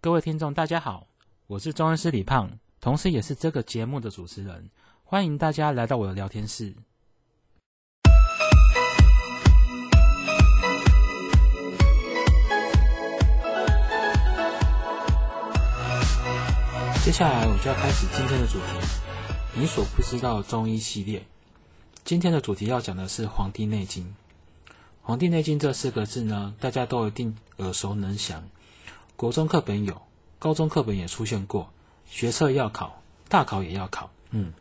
各位聽眾，大家好，我是中醫師李胖，同時也是這個節目的主持人。歡迎大家來到我的聊天室。接下來，我就要開始今天的主題——你所不知道的中醫系列。今天的主題要講的是《黃帝內經》。《黃帝內經》這四個字呢，大家都一定耳熟能詳。國中課本有，高中課本也出現過，學測要考，大考也要考。嗯，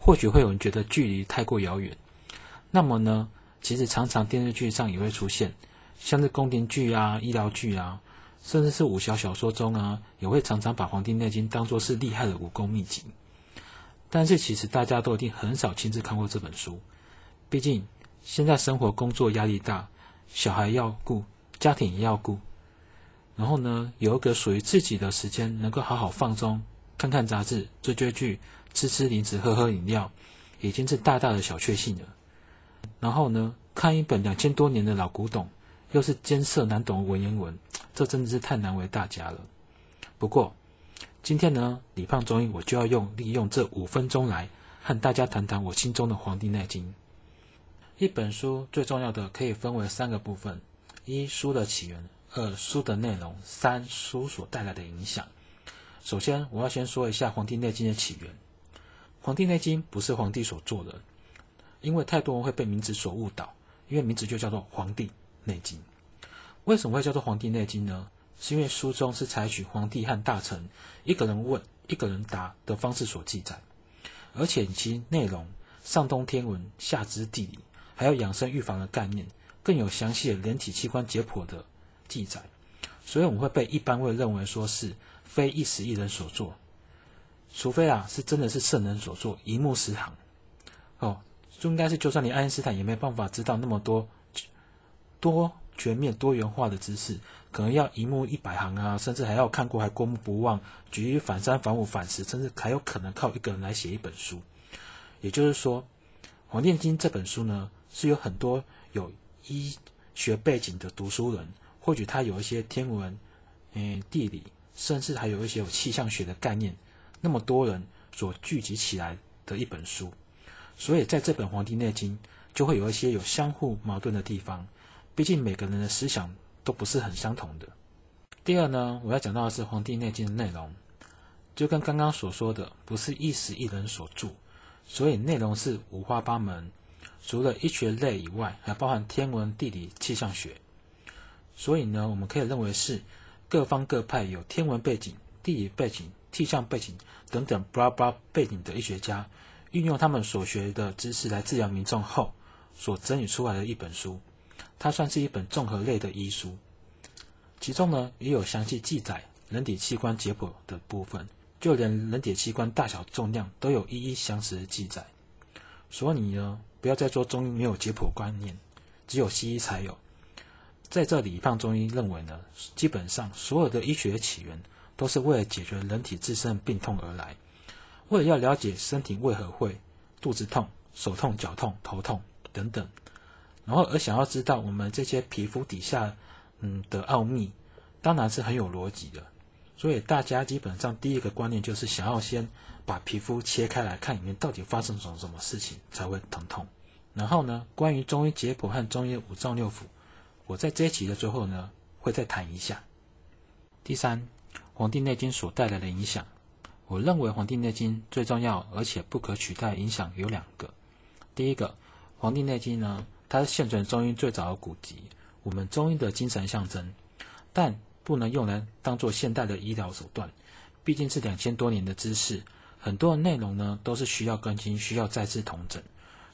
或許會有人覺得距離太過遙遠。那麼呢，其實常常電視劇上也會出現，像是宮廷劇啊、醫療劇啊，甚至是武俠小、小說中啊，也會常常把《黃帝內經》當作是厲害的武功秘籍。但是其實大家都一定很少親自看過這本書，畢竟現在生活工作壓力大，小孩要顧，家庭也要顧。然後呢，有一個屬於自己的時間，能夠好好放鬆，看看雜誌，追追劇，吃吃零食，喝喝飲料，已經是大大的小確幸了。然後呢，看一本兩千多年的老古董，又是艱澀難懂的文言文，這真的是太難為大家了。不過，今天呢，李胖中醫，我就要用利用這五分鐘來和大家談談我心中的《黃帝內經》。一本書最重要的可以分為三個部分：一、書的起源。二、書的內容，三、書所帶來的影響。首先，我要先說一下《黃帝內經》的起源。《黃帝內經》不是皇帝所做的，因為太多人會被名字所誤導，因為名字就叫做《黃帝內經》。為什麼會叫做《黃帝內經》呢？是因為書中是採取皇帝和大臣一個人問、一個人答的方式所記載，而且其內容上通天文、下知地理，還有養生預防的概念，更有詳細的人體器官解剖的。記載，所以我們會被一般會認為說是非一時一人所作，除非啊是真的是聖人所做，一目十行哦，就應該是就算你愛因斯坦也沒辦法知道那麼多多全面多元化的知識，可能要一目一百行啊，甚至還要看過還過目不忘，舉一反三反五反十，甚至還有可能靠一個人來寫一本書。也就是說，《黃帝內經》這本書呢，是有很多有醫學背景的讀書人。或許他有一些天文、嗯、欸、地理，甚至還有一些有氣象學的概念。那麼多人所聚集起來的一本書，所以在這本《黃帝內經》就會有一些有相互矛盾的地方。畢竟每個人的思想都不是很相同的。第二呢，我要講到的是《黃帝內經》的內容，就跟剛剛所說的，不是一時一人所著，所以內容是五花八門。除了醫學類以外，還包含天文、地理、氣象學。所以呢，我們可以認為是各方各派有天文背景、地理背景、氣象背景等等 blah blah 背景的醫學家，運用他們所學的知識來治療民眾後所整理出來的一本書。它算是一本綜合類的醫書，其中呢也有詳細記載人體器官解剖的部分，就連人體器官大小、重量、都有一一詳實的記載。所以呢，不要再說中醫沒有解剖觀念，只有西醫才有。在這裡，胖中醫認為呢，基本上所有的醫學起源都是為了解決人體自身病痛而來。為了要了解身體為何會肚子痛、手痛、腳痛、頭痛等等，然後而想要知道我們這些皮膚底下嗯的奧秘，當然是很有邏輯的。所以大家基本上第一個觀念就是想要先把皮膚切開來看裡面到底發生什麼什麼事情才會疼痛。然後呢，關於中醫解剖和中醫五臟六腑。我在這一集的最後呢，會再談一下第三《黃帝內經》所帶來的影響。我認為《黃帝內經》最重要而且不可取代的影響有兩個。第一個，《黃帝內經》呢，它是現存中醫最早的古籍，我們中醫的精神象徵，但不能用來當做現代的醫療手段，畢竟是兩千多年的知識，很多的內容呢都是需要更新、需要再次統整，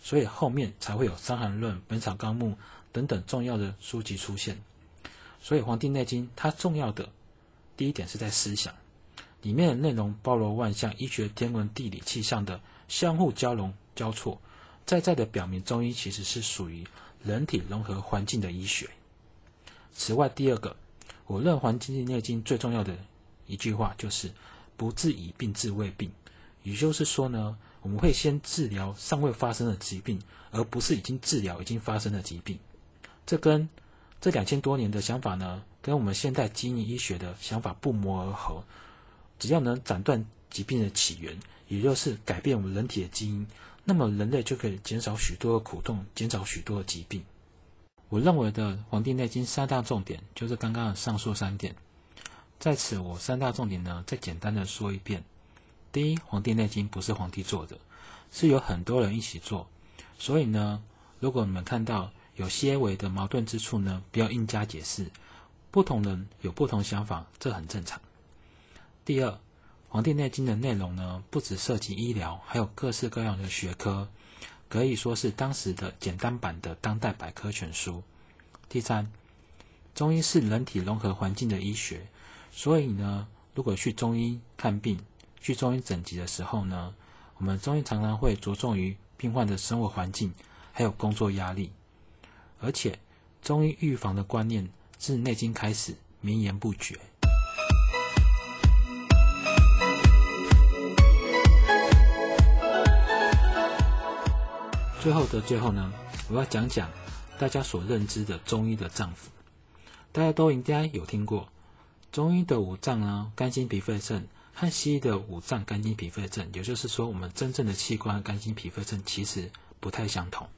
所以後面才會有《傷寒論》《本草綱目》。等等重要的書籍出現，所以《黃帝內經》它重要的第一點是在思想裡面的內容包羅萬象，醫學、天文、地理、氣象的相互交融交錯，在在的表明中醫其實是屬於人體融合環境的醫學。此外，第二個，我認為《黃帝內經》最重要的一句話就是“不治已病治未病”，也就是說呢，我們會先治療尚未發生的疾病，而不是已經治療已經發生的疾病。這跟這兩千多年的想法呢，跟我們現代基因醫學的想法不謀而合。只要能斬斷疾病的起源，也就是改變我們人體的基因，那麼人類就可以減少許多的苦痛，減少許多的疾病。我認為的《黃帝內經》三大重點就是剛剛的上述三點。在此，我三大重點呢，再簡單的說一遍：第一，《黃帝內經》不是黃帝做的，是有很多人一起做。所以呢，如果你們看到，有些微的矛盾之處呢，不要硬加解釋。不同人有不同想法，這很正常。第二，《黃帝內經》的內容呢，不只涉及醫療，還有各式各樣的學科，可以說是當時的簡單版的當代百科全書。第三，中醫是人體融合環境的醫學，所以呢，如果去中醫看病、去中醫診治的時候呢，我們中醫常常會着重於病患的生活環境還有工作壓力。而且，中醫預防的觀念自《內經》開始綿延不絕。最後的最後呢，我要講講大家所認知的中醫的臟腑。大家都應該有聽過中醫的五臟呢，肝心脾肺腎和西醫的五臟肝心脾肺腎，也就是說，我們真正的器官肝心脾肺腎其實不太相同。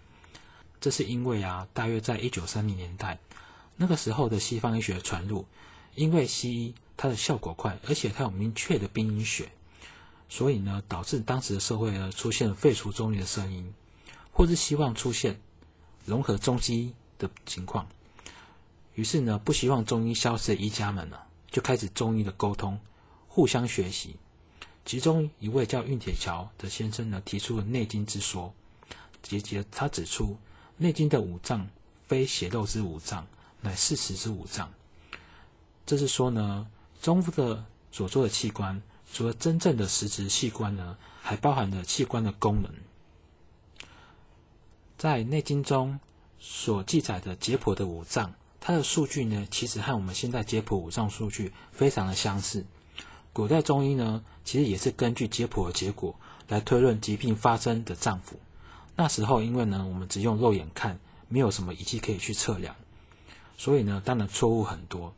這是因為啊，大約在一九三零年代，那個時候的西方醫學傳入，因為西醫它的效果快，而且它有明確的病因學，所以呢，導致當時的社會呢，出現了廢除中醫的聲音，或是希望出現融合中西醫的情況。於是呢，不希望中醫消失的醫家們呢，就開始中醫的溝通，互相學習。其中一位叫惲鐵樵的先生呢，提出了《內經》之說，接著他指出。《內經》的五臟非血肉之五臟，乃事實之五臟。這是說呢，中醫的所做的器官，除了真正的實質器官呢，還包含了器官的功能。在《內經》中所記載的解剖的五臟，它的數據呢，其實和我們現在解剖五臟數據非常的相似。古代中醫呢，其實也是根據解剖的結果來推論疾病發生的臟腑。那時候，因為呢，我們只用肉眼看，沒有什麼儀器可以去測量，所以呢，當然錯誤很多。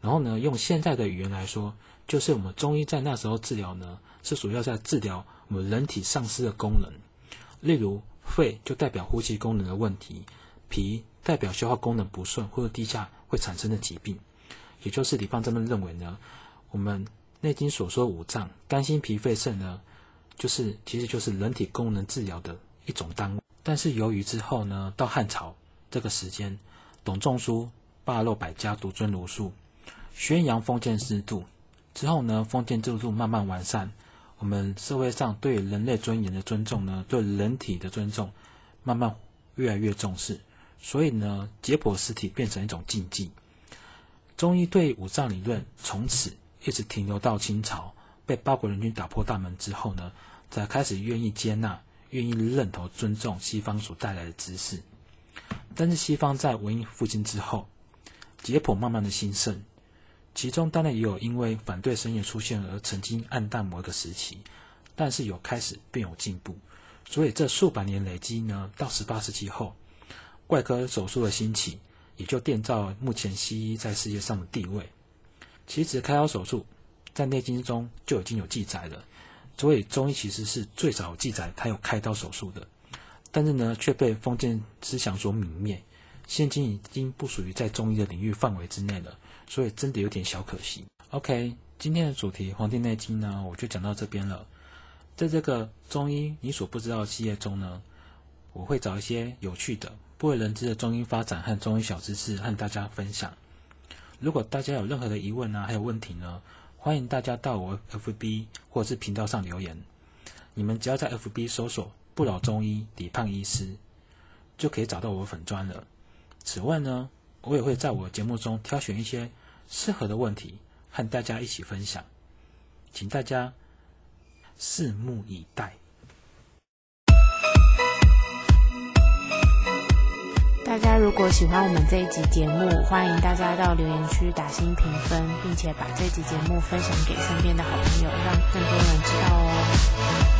然後呢，用現在的語言來說，就是我們中醫在那時候治療呢，是主要在治療我們人體喪失的功能，例如肺就代表呼吸功能的問題，脾代表消化功能不順或者低下會產生的疾病。也就是李方這麼認為呢，我們《內經》所說五臟肝心脾肺腎呢，就是其實就是人體功能治療的一種單位，但是由於之後呢，到漢朝這個時間，董仲舒罷黜百家，獨尊儒術，宣揚封建制度。之後呢，封建制度慢慢完善，我們社會上對人類尊嚴的尊重呢，對人體的尊重，慢慢越來越重視。所以呢，解剖屍體變成一種禁忌。中醫對五臟理論從此一直停留到清朝，被八國聯軍打破大門之後呢，才開始願意接納。願意認同、尊重西方所帶來的知識，但是西方在文藝復興之後，解剖慢慢的興盛，其中當然也有因為反對聲音出現而曾經暗淡某一個時期，但是有開始便有進步，所以這數百年累積呢，到十八世紀後，外科手術的興起，也就奠造了目前西醫在世界上的地位。其實開刀手術在《內經》中就已經有記載了。所以中醫其實是最早記載他有開刀手術的，但是呢卻被封建思想所泯滅，現今已經不屬於在中醫的領域範圍之內了，所以真的有點小可惜。OK，今天的主題《黃帝內經》呢，我就講到這邊了。在這個中醫你所不知道的系列中呢，我會找一些有趣的、不為人知的中醫發展和中醫小知識和大家分享。如果大家有任何的疑問呢、啊，還有問題呢？歡迎大家到我 FB 或者是頻道上留言。你們只要在 FB 搜索“不老中醫李胖醫師”，就可以找到我粉專了。此外呢，我也會在我節目中挑選一些適合的問題和大家一起分享，請大家拭目以待。大家如果喜歡我們這一集節目，歡迎大家到留言區打星評分，並且把這集節目分享給身邊的好朋友，讓更多人知道哦。